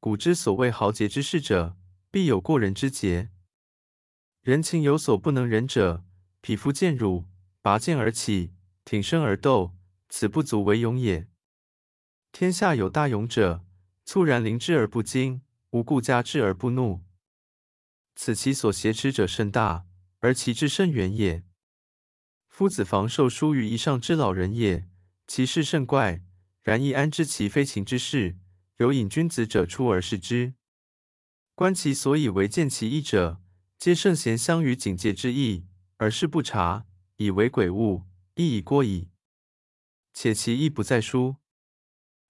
古之所謂豪傑之士者，必有過人之節。人情有所不能忍者，匹夫見辱，拔劍而起，挺身而鬥，此不足為勇也。天下有大勇者，卒然臨之而不驚，無故加之而不怒，此其所挾持者甚大，而其志甚遠也。夫子房受書於圯上之老人也，其事甚怪，然亦安知其非秦之世？有隱君子者出而試之，觀其所以微見其意者，皆聖賢相與警戒之義，而世不察，以為鬼物，亦已過矣。且其意不在書。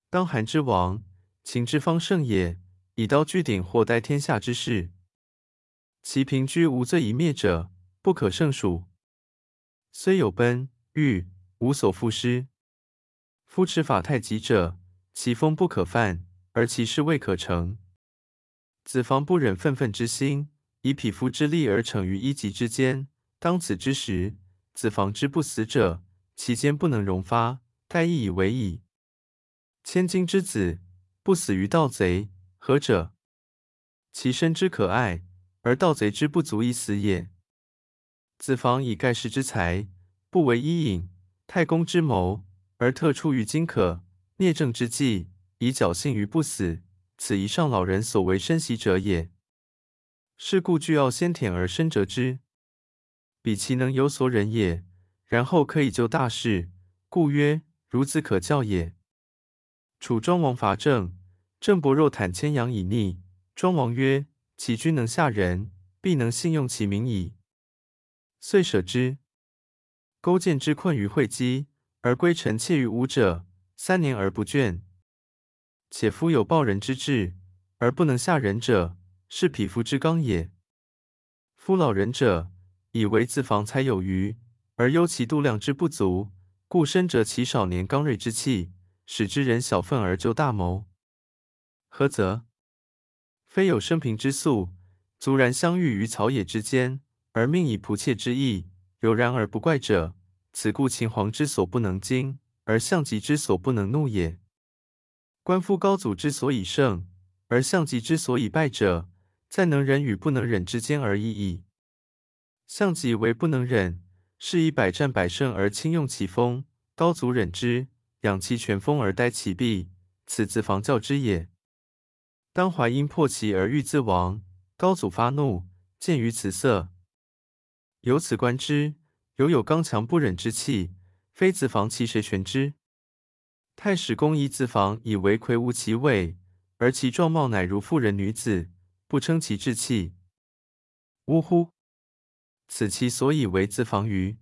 當韓之亡，秦之方盛也，以刀鋸鼎鑊待天下之士，其平居無罪夷滅者，不可勝數。雖有賁育，無所復施。夫持法太急者，其鋒不可犯。而其勢未可乘，子房不忍忿忿之心，以匹夫之力而逞於一擊之間。當此之時，子房之不死者，其間不能容發，蓋亦已危矣。千金之子，不死於盜賊，何者？其身之可愛，而盜賊之不足以死也。子房以蓋世之才，不為伊尹、太公之謀，而特出於荊軻、聶政之計。以僥倖於不死，此圯上老人所為深惜者也。是故倨傲鮮腆而深折之，彼其能有所忍也，然後可以就大事。故曰：孺子可教也。楚莊王伐鄭，鄭伯肉袒牽羊以逆，莊王曰：其君能下人，必能信用其民矣。遂舍之。勾踐之困於會稽，而歸臣妾於吳者，三年而不倦。且夫有報人之志，而不能下人者，是匹夫之剛也。夫老人者，以為子房才有餘，而憂其度量之不足，故深折其少年剛銳之氣，使之忍小忿而就大謀。何則？非有生平之素，卒然相遇於草野之間，而命以僕妾之役，柔然而不怪者，此固秦皇之所不能驚，而項籍之所不能怒也。觀夫高祖之所以勝，而項籍之所以敗者，在能忍與不能忍之間而已矣。項籍唯不能忍，是以百戰百勝而輕用其鋒；高祖忍之，養其全鋒而待其弊。此子房教之也。當淮陰破齊而欲自王，高祖發怒，見於詞色。由此觀之，猶有剛強不忍之氣，非子房其誰全之？太史公疑子房以為魁梧奇偉，而其狀貌乃如婦人女子，不稱其志氣。嗚呼！此其所以為子房歟！